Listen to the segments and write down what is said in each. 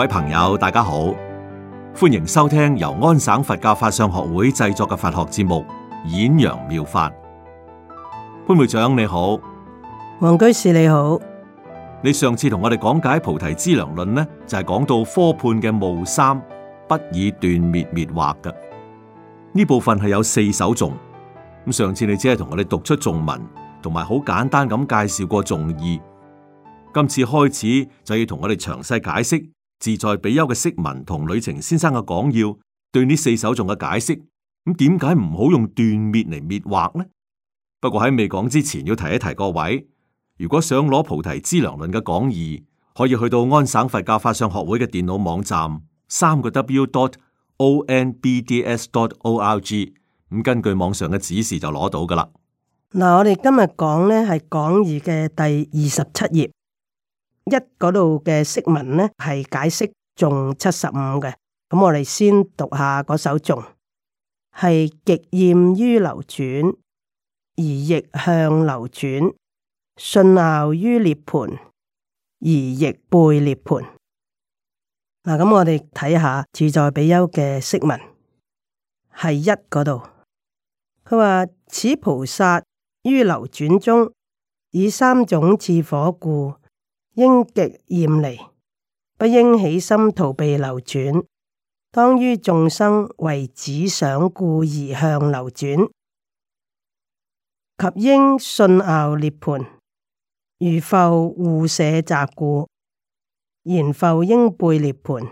各位朋友，大家好，歡迎收聽由安省佛教法相學會製作嘅佛學節目《演揚妙法》潘，潘會長你好，黃居士你好。你上次同我哋講解《菩提資糧論》呢，就係、是、講到科判嘅無三不以斷滅滅惑嘅呢部分係有四首頌。咁上次你只係同我哋讀出頌文，同埋好簡單咁介紹過頌義。今次開始就要同我哋詳細解釋。自在比丘嘅釋文同呂澄先生嘅講要，對呢四首頌嘅解釋，咁點解唔好用斷滅嚟滅惑呢？不過喺未講之前，要提一提各位，如果想攞菩提資糧論嘅講義，可以去到安省佛教法相學會嘅電腦網站，三個 W dot O N B D S dot O R G，咁根據網上嘅指示就攞到噶啦。嗱，我哋今日講咧係講義嘅第二十七頁。一嗰度嘅釋文呢，係解釋頌七十五嘅。咁我哋先讀下嗰首頌，係極厭於流轉，而逆向流轉；信拗於涅槃，而逆背涅槃。嗱，咁我哋睇下自在比丘嘅釋文，係一嗰度，佢話此菩薩於流轉中，以三種熾火故。應極厭離，不應起心逃避流轉；當於眾生為子想故而向流轉，及應信拗涅盤，如否互舍雜故，然否應背涅盤，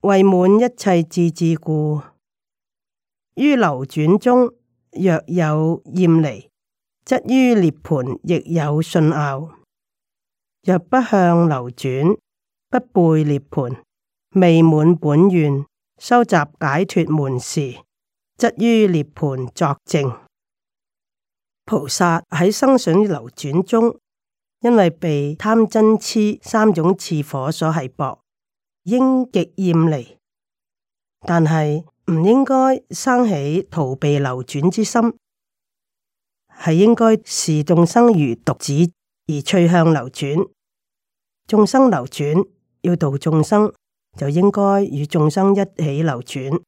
為滿一切智智故。於流轉中若有厭離，則於涅盤亦有信拗。若不向流轉，不背涅槃，未滿本願，收集解脱門時，則於涅槃作證。菩薩喺生死流轉中，因為被貪、嗔癡三種熾火所繫縛，應極厭離，但係唔應該生起逃避流轉之心，係應該視眾生如獨子。而趣向流轉，眾生流轉，要度眾生就應該與眾生一起流轉，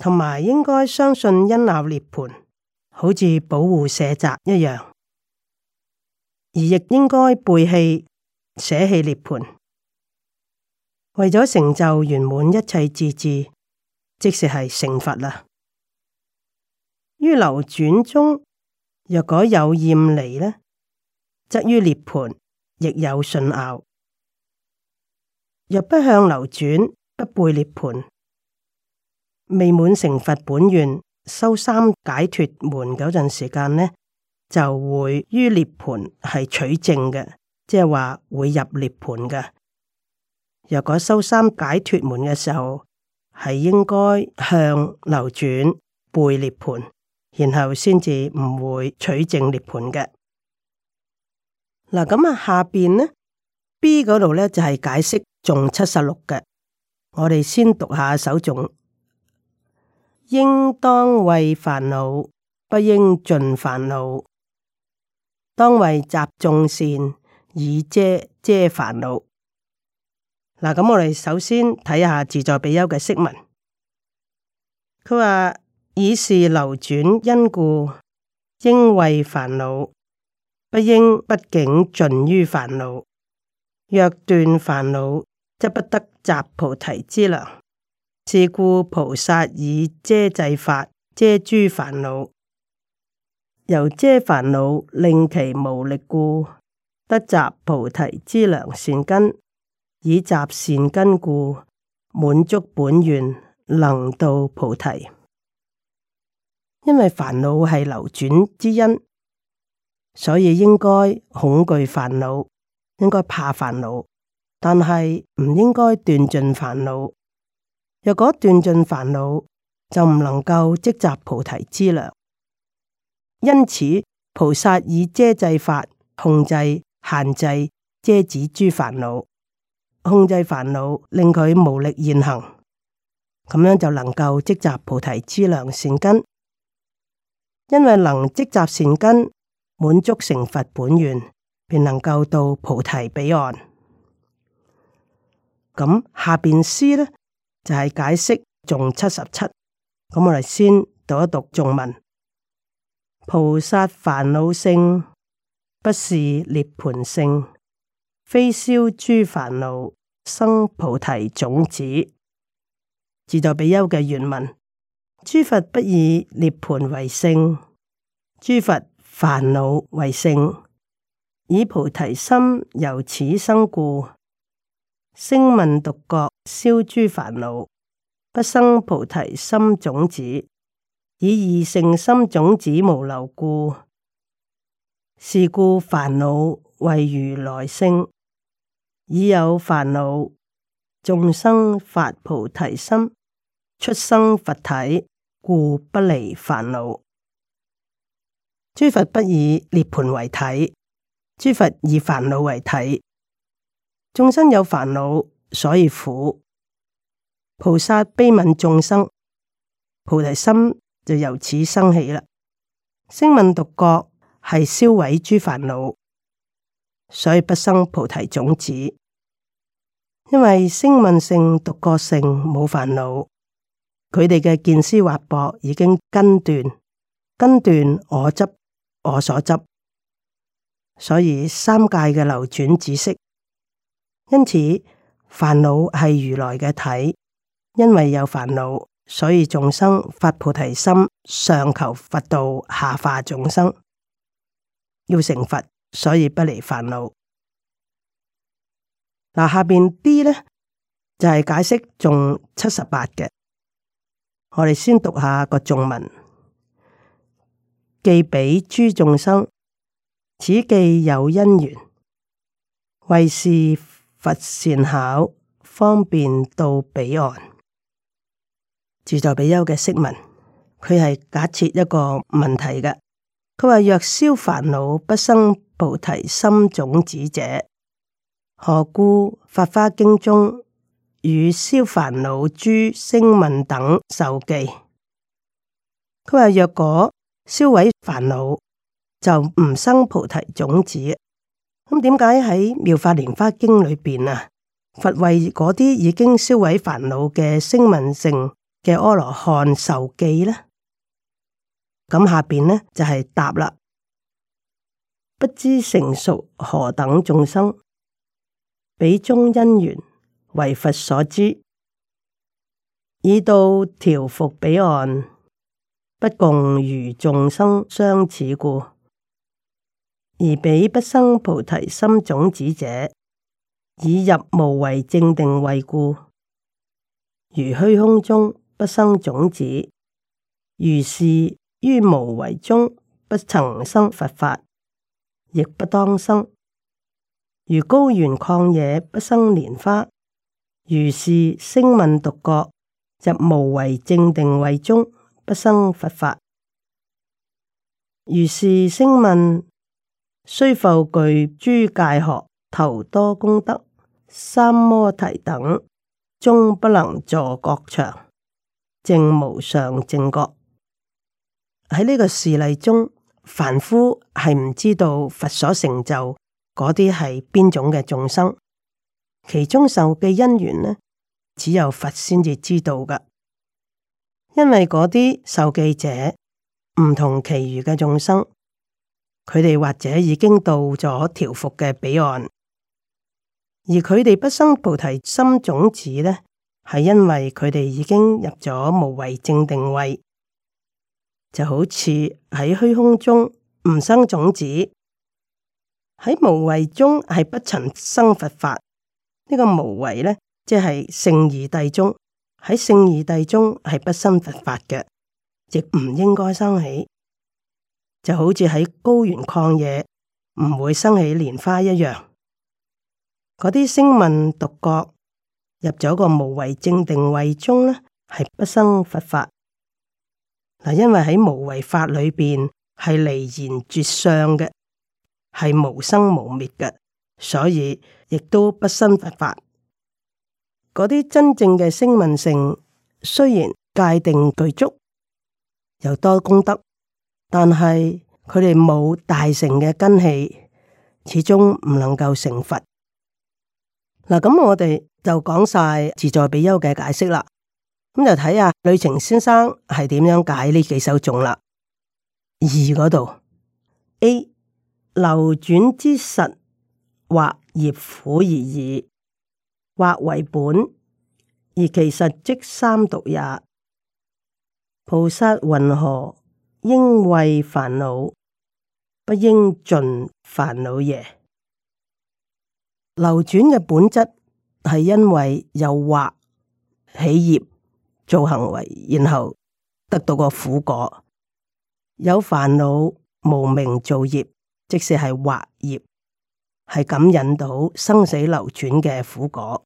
同埋應該相信因鬧涅槃，好似保護社稷一樣，而亦應該背棄捨棄涅槃，為咗成就圓滿一切智智，即是係成佛啦。於流轉中，若果有厭離呢？則於涅槃亦有信拗。若不向流轉，不背涅槃，未滿成佛本願，修三解脱門嗰陣時間呢，就會於涅槃係取正嘅，即係話會入涅槃嘅。若果修三解脱門嘅時候，係應該向流轉背涅槃，然後先至唔會取正涅槃嘅。嗱，咁啊，下邊呢 B 嗰度呢就係解釋頌七十六嘅。我哋先讀下首頌。應當為煩惱，不應盡煩惱，當為集眾善以遮遮煩惱。嗱，咁我哋首先睇下自在比丘嘅釋文，佢話以是流轉因故，應為煩惱。不應畢竟盡於煩惱，若斷煩惱，則不得集菩提之糧。是故菩薩以遮制法遮諸煩惱，由遮煩惱令其無力故，得集菩提之糧善根。以集善根故，滿足本願，能度菩提。因為煩惱係流轉之因。所以應該恐懼煩惱，應該怕煩惱，但係唔應該斷盡煩惱。若果斷盡煩惱，就唔能夠積集菩提資糧。因此，菩薩以遮制法控制、限制、遮止諸煩惱，控制煩惱，令佢無力現行，咁樣就能夠積集菩提資糧善根。因為能積集善根。滿足成佛本願，便能夠到菩提彼岸。咁下邊詩呢，就係、是、解釋頌七十七。咁我哋先讀一讀頌文：菩薩煩惱性，不是涅槃性，非燒諸煩惱生菩提種子。自在比丘嘅原文：諸佛不以涅槃為性，諸佛。煩惱為性，以菩提心由此生故，聲聞獨覺燒諸煩惱，不生菩提心種子，以異性心種子無留故。是故煩惱為如來性，以有煩惱，眾生發菩提心，出生佛體，故不離煩惱。諸佛不以涅槃為體，諸佛以煩惱為體。眾生有煩惱，所以苦。菩薩悲憫眾生，菩提心就由此生起啦。聲聞獨覺係銷毀諸煩惱，所以不生菩提種子。因為聲聞性、獨覺性冇煩惱，佢哋嘅見思惑薄已經根斷，根斷我執。我所執，所以三界嘅流轉止息，因此煩惱係如來嘅體，因為有煩惱，所以眾生發菩提心，上求佛道，下化眾生，要成佛，所以不離煩惱。嗱，下邊 D 呢，就係、是、解釋仲七十八嘅，我哋先讀下個中文。寄畀諸眾生，此記有因緣，為是佛善巧方便到彼岸。自在比丘嘅釋文，佢係假設一個問題嘅。佢話，若消煩惱不生菩提心種子者，何故法花經中與消煩惱諸聲聞等受記？佢話若果。消毀煩惱就唔生菩提種子，咁點解喺妙法蓮花經裏邊啊？佛為嗰啲已經消毀煩惱嘅聲聞性嘅阿羅漢受記呢？咁下邊呢就係、是、答啦，不知成熟何等眾生，彼中因緣為佛所知，已到調伏彼岸。不共如眾生相似故，而彼不生菩提心種子者，以入無為正定為故。如虛空中不生種子，如是於無為中不曾生佛法，亦不當生。如高原曠野不生蓮花，如是聲聞獨覺入無為正定為中。不生佛法，如是聲聞：雖復具諸戒學、頭陀功德、三摩提等，終不能坐覺場證無上正覺。喺呢個事例中，凡夫係唔知道佛所成就嗰啲係邊種嘅眾生，其中受嘅因緣呢？只有佛先至知道噶。因為嗰啲受記者唔同其餘嘅眾生，佢哋或者已經到咗調伏嘅彼岸，而佢哋不生菩提心種子咧，係因為佢哋已經入咗無為正定位，就好似喺虛空中唔生種子，喺無為中係不曾生佛法。呢、這個無為咧，即係聖而地中。喺聖義地中係不生佛法嘅，亦唔應該生起，就好似喺高原曠野唔會生起蓮花一樣。嗰啲聲聞獨覺入咗個無為正定位中呢，係不生佛法。嗱，因為喺無為法裏邊係離言絕相嘅，係無生無滅嘅，所以亦都不生佛法。嗰啲真正嘅聲聞性，雖然界定具足，又多功德，但係佢哋冇大成嘅根器，始終唔能夠成佛。嗱，咁我哋就講晒自在比丘嘅解釋啦。咁就睇下呂澄先生係點樣解呢幾首頌啦。二嗰度 A 流轉之實或業苦而已。惑為本，而其實即三毒也。菩薩云何應為煩惱？不應盡煩惱耶？流轉嘅本質係因為有惑，起業做行為，然後得到個苦果。有煩惱無明造業，即使係惑業，係感引到生死流轉嘅苦果。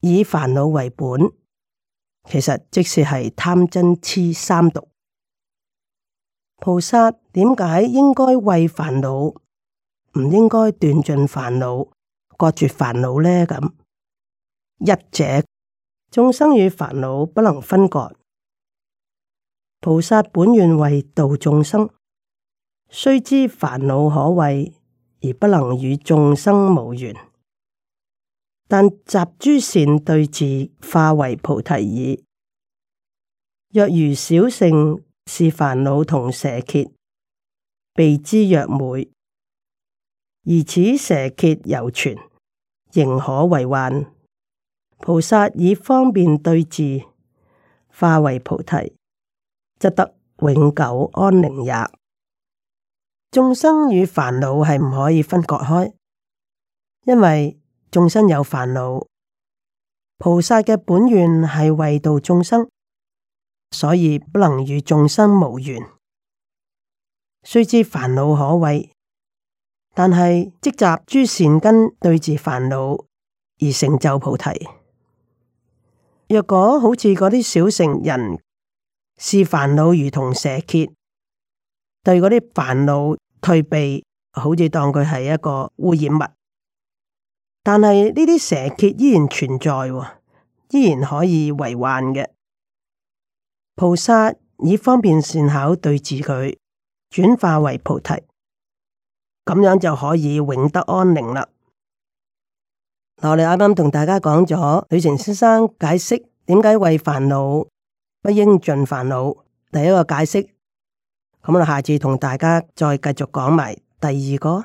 以煩惱為本，其實即使係貪嗔癡三毒，菩薩點解應該為煩惱，唔應該斷盡煩惱、割絕煩惱呢？咁一者，眾生與煩惱不能分割，菩薩本願為度眾生，雖知煩惱可畏，而不能與眾生無緣。但集諸善對治化為菩提耳。若如小聖是煩惱同蛇蝎，避之若浼；而此蛇蝎猶存，仍可為患。菩薩以方便對治化為菩提，則得永久安寧也。眾生與煩惱係唔可以分割開，因為。眾生有煩惱，菩薩嘅本願係為度眾生，所以不能與眾生無緣。雖知煩惱可畏，但係積集諸善根對治煩惱而成就菩提。若果好似嗰啲小乘人視煩惱如同蛇蠍，對嗰啲煩惱退避，好似當佢係一個污染物。但係呢啲蛇蠍依然存在，依然可以為患嘅。菩薩以方便善巧對治佢，轉化為菩提，咁樣就可以永得安寧啦、呃。我哋啱啱同大家講咗，呂澂先生解釋點解為煩惱不應盡煩惱，第一個解釋。咁啦，下次同大家再繼續講埋第二個。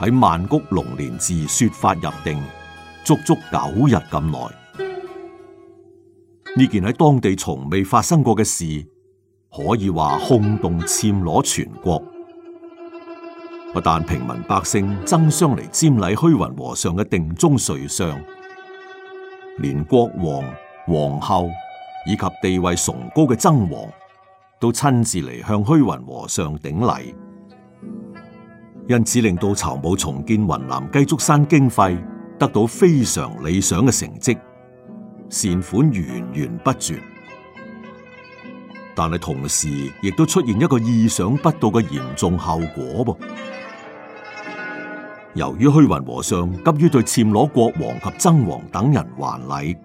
喺曼谷龍年寺說法入定，足足九日咁耐。呢件喺當地從未發生過嘅事，可以話轟動暹羅全國。不但平民百姓爭相嚟瞻禮虛雲和尚嘅定中瑞相，連國王、皇后以及地位崇高嘅僧王，都親自嚟向虛雲和尚頂禮。因此令到籌募重建雲南雞足山經費得到非常理想嘅成績，善款源源不絕。但係同時亦都出現一個意想不到嘅嚴重後果噃。由於虛雲和尚急於對暹羅國王及僧王等人還禮，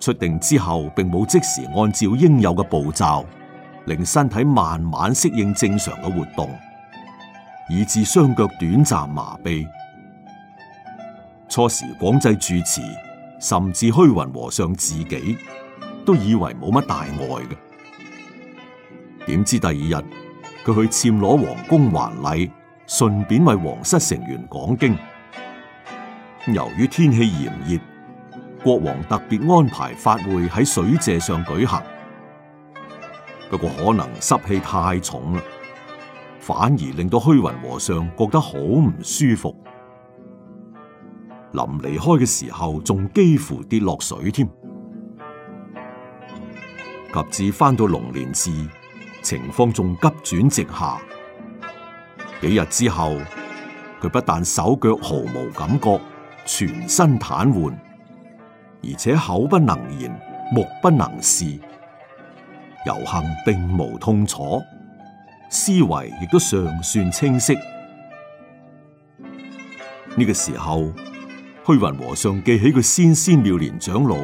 出定之後並冇即時按照應有嘅步驟，令身體慢慢適應正常嘅活動。以致雙腳短暫麻痹。初時，廣濟住持甚至虛雲和尚自己都以為冇乜大礙嘅。點知第二日，佢去暹羅皇宮還禮，順便為皇室成員講經。由於天氣炎熱，國王特別安排法會喺水榭上舉行。不過可能濕氣太重啦。反而令到虛雲和尚覺得好唔舒服，臨離開嘅時候仲幾乎跌落水添。及至翻到龍連寺，情況仲急轉直下。幾日之後，佢不但手腳毫無感覺，全身癱瘓，而且口不能言，目不能視，猶幸並無痛楚。思維亦都尚算清晰。呢、這個時候，虛雲和尚記起佢先師妙蓮長老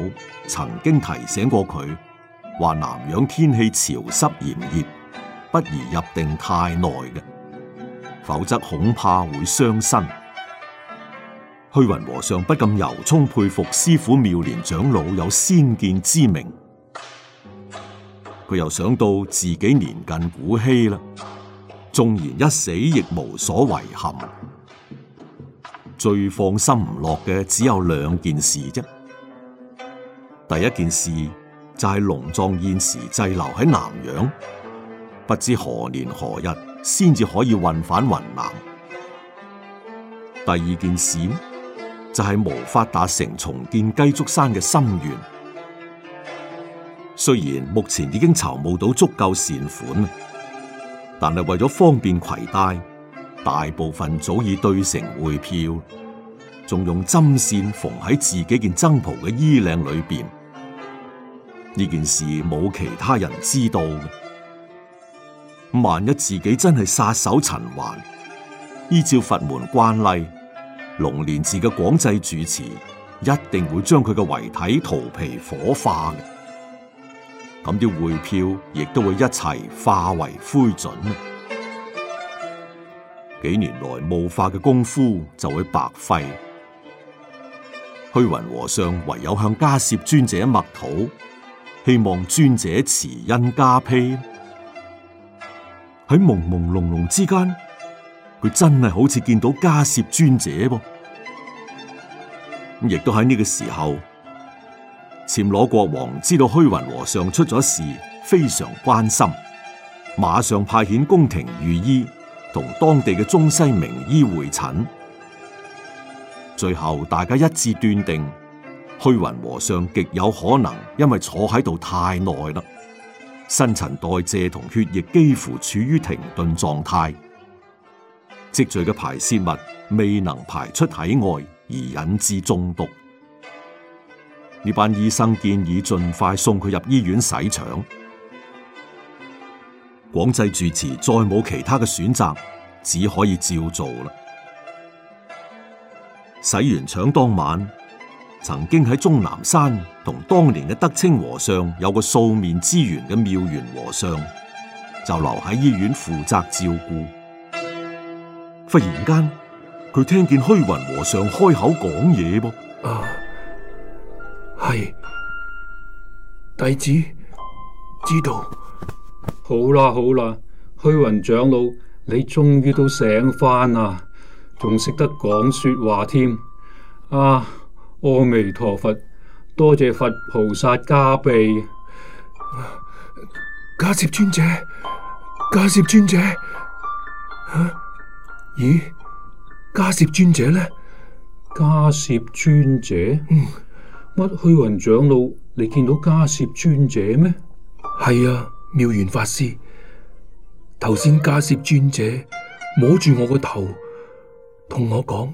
曾經提醒過佢，話南洋天氣潮濕炎熱，不宜入定太耐嘅，否則恐怕會傷身。虛雲和尚不禁由衷佩服師傅妙蓮長老有先見之明。佢又想到自己年近古稀啦，縱然一死亦無所遺憾。最放心唔落嘅只有兩件事啫。第一件事就係龍藏現時滯留喺南洋，不知何年何日先至可以運返雲南。第二件事就係無法達成重建雞足山嘅心願。雖然目前已經籌募到足夠善款，但係為咗方便攜帶，大部分早已兌成匯票，仲用針線縫喺自己件僧袍嘅衣領裏邊。呢件事冇其他人知道。萬一自己真係撒手塵寰，依照佛門慣例，龍蓮寺嘅廣濟主持一定會將佢嘅遺體荼毗火化。咁啲匯票亦都會一齊化為灰燼。幾年來募化嘅功夫就會白費。虛雲和尚唯有向迦葉尊者默禱，希望尊者慈恩加被。喺朦朦朧朧之間，佢真係好似見到迦葉尊者噃。咁亦都喺呢個時候。暹羅國王知道虛雲和尚出咗事，非常關心，馬上派遣宮廷御醫同當地嘅中西名醫會診。最後大家一致斷定，虛雲和尚極有可能因為坐喺度太耐啦，新陳代謝同血液幾乎處於停頓狀態，積聚嘅排泄物未能排出體外，而引致中毒。呢班醫生建議盡快送佢入醫院洗腸。廣濟住持再冇其他嘅選擇，只可以照做啦。洗完腸當晚，曾經喺終南山同當年嘅德清和尚有個素面之緣嘅妙緣和尚，就留喺醫院負責照顧。忽然間，佢聽見虛雲和尚開口講嘢噃。啊係弟子知道好啦，好啦，虛雲長老，你終於都醒翻啦，仲識得講說話添啊！阿彌陀佛，多謝佛菩薩加庇迦葉尊者，迦葉尊者、啊、咦，迦葉尊者呢？迦葉尊者、嗯乜虛雲長老，你見到迦葉尊者咩？係啊，妙圓法師，頭先迦葉尊者摸住我個頭，同我講，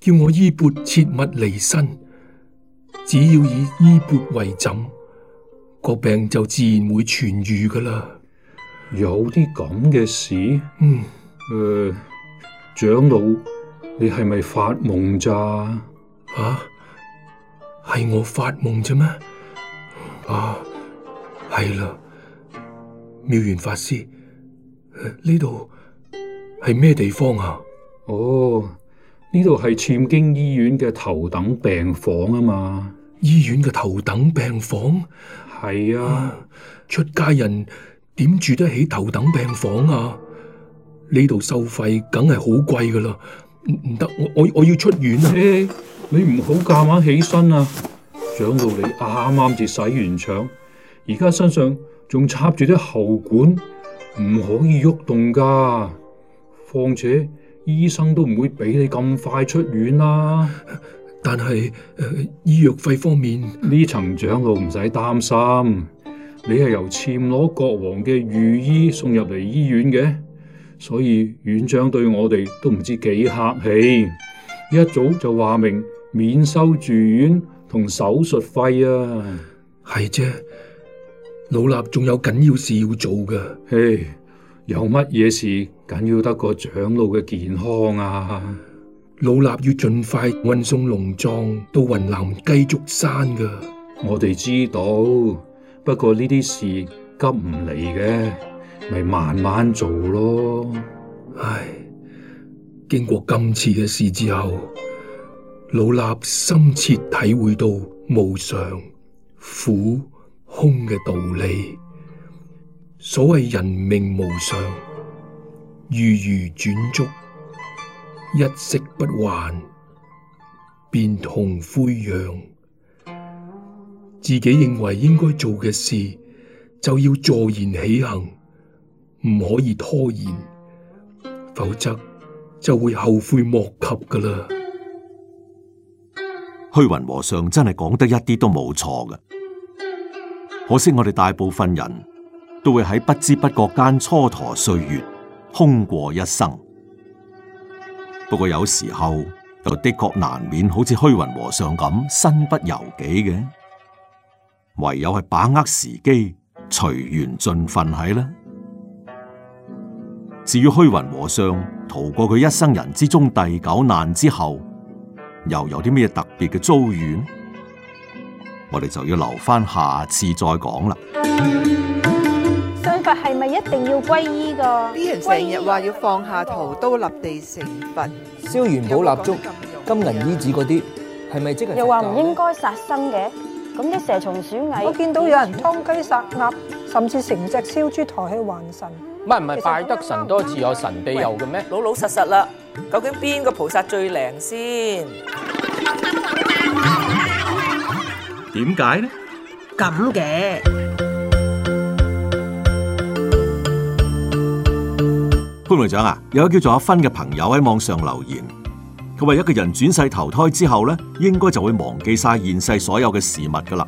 叫我衣鉢切勿離身，只要以衣鉢為枕，個病就自然會痊癒噶啦。有啲咁嘅事？嗯，誒、呃，長老，你係咪發夢咋？吓、啊？係我發夢啫咩？啊，係啦，妙緣法師，呢度係咩地方啊？哦，呢度係潛經醫院嘅頭等病房啊嘛。醫院嘅頭等病房？係啊，嗯，出家人點住得起頭等病房啊？呢度收費梗係好貴噶啦，唔唔得，我我我要出院啊！欸。你唔好夾硬起身啊！長老你啱啱至洗完腸，而家身上仲插住啲喉管，唔可以喐動噶。況且醫生都唔會俾你咁快出院啦，啊。但係、呃、醫藥費方面，呢層長老唔使擔心。你係由暹羅國王嘅御醫送入嚟醫院嘅，所以院長對我哋都唔知幾客氣，一早就話明，免收住院同手術費啊！係啫，老衲仲有緊要事要做噶。唉，hey, 有乜嘢事緊要得過長老嘅健康啊？老衲要盡快運送龍藏到雲南雞足山噶。我哋知道，不過呢啲事急唔嚟嘅，咪慢慢做咯。唉，經過今次嘅事之後，老衲深切體會到無常、苦、空嘅道理。所謂人命無常，如如轉燭，一息不還，便同灰揚。自己認為應該做嘅事，就要坐言起行，唔可以拖延，否則就會後悔莫及㗎喇。虛雲和尚真係講得一啲都冇錯嘅，可惜我哋大部分人都會喺不知不覺間蹉跎歲月，空過一生。不過有時候又的確難免好似虛雲和尚咁身不由己嘅，唯有係把握時機，隨緣盡份喺啦。至於虛雲和尚逃過佢一生人之中第九難之後。又有啲咩特別嘅遭遇，我哋就要留翻下，下次再講啦。信佛係咪一定要皈依噶？啲人成日話要放下屠刀，立地成佛，燒元寶蠟燭，有有金銀衣紙嗰啲，係咪即係？又話唔應該殺生嘅，咁啲蛇蟲鼠蟻，我見到有人劏雞殺鴨，甚至成隻燒豬抬去還神。唔係唔係，拜得神多自、啊、有神庇佑嘅咩？老老實老實啦。究竟邊個菩薩最靈先？點解呢？咁嘅潘會長啊，有一個叫做阿芬嘅朋友喺網上留言，佢話一個人轉世投胎之後呢，應該就會忘記晒現世所有嘅事物噶啦。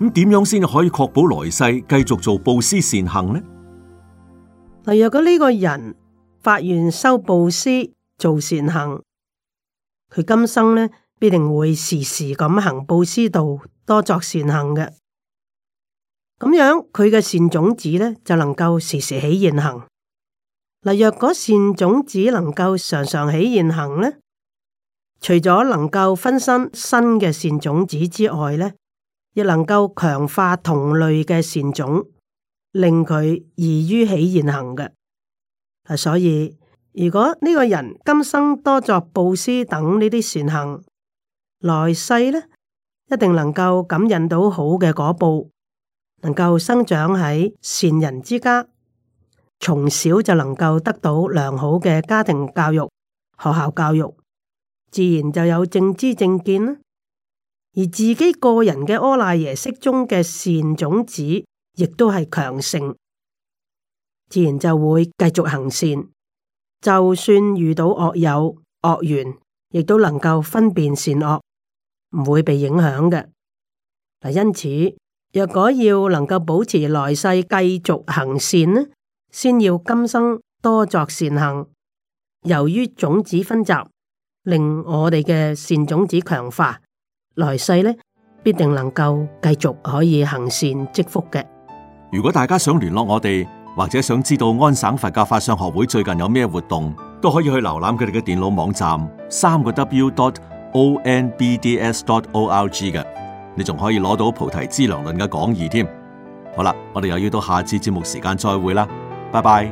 咁點樣先可以確保來世繼續做布施善行呢？例如，如果呢個人。發願修布施做善行，佢今生咧必定會時時咁行布施道，多作善行嘅。咁樣佢嘅善種子咧就能夠時時起現行。嗱，若果善種子能夠常常起現行咧，除咗能夠分身新嘅善種子之外咧，亦能夠強化同類嘅善種，令佢易於起現行嘅。所以，如果呢個人今生多作布施等呢啲善行，來世呢一定能夠感應到好嘅果報，能夠生長喺善人之家，從小就能夠得到良好嘅家庭教育、學校教育，自然就有正知正見啦，而自己個人嘅阿賴耶識中嘅善種子亦都係強盛。自然就會繼續行善，就算遇到惡友、惡緣，亦都能夠分辨善惡，唔會被影響嘅。嗱，因此若果要能夠保持來世繼續行善呢，先要今生多作善行。由於種子分集，令我哋嘅善種子強化，來世呢必定能夠繼續可以行善積福嘅。如果大家想聯絡我哋。或者想知道安省佛教法相學會最近有咩活動，都可以去瀏覽佢哋嘅電腦網站，三個 w.dot.o.n.b.d.s.dot.o.r.g 嘅，你仲可以攞到菩提資糧論嘅講義添。好啦，我哋又要到下次節目時間再會啦，拜拜。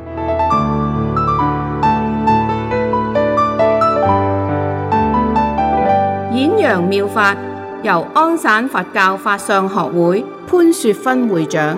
演揚妙法由安省佛教法相學會潘雪芬會長，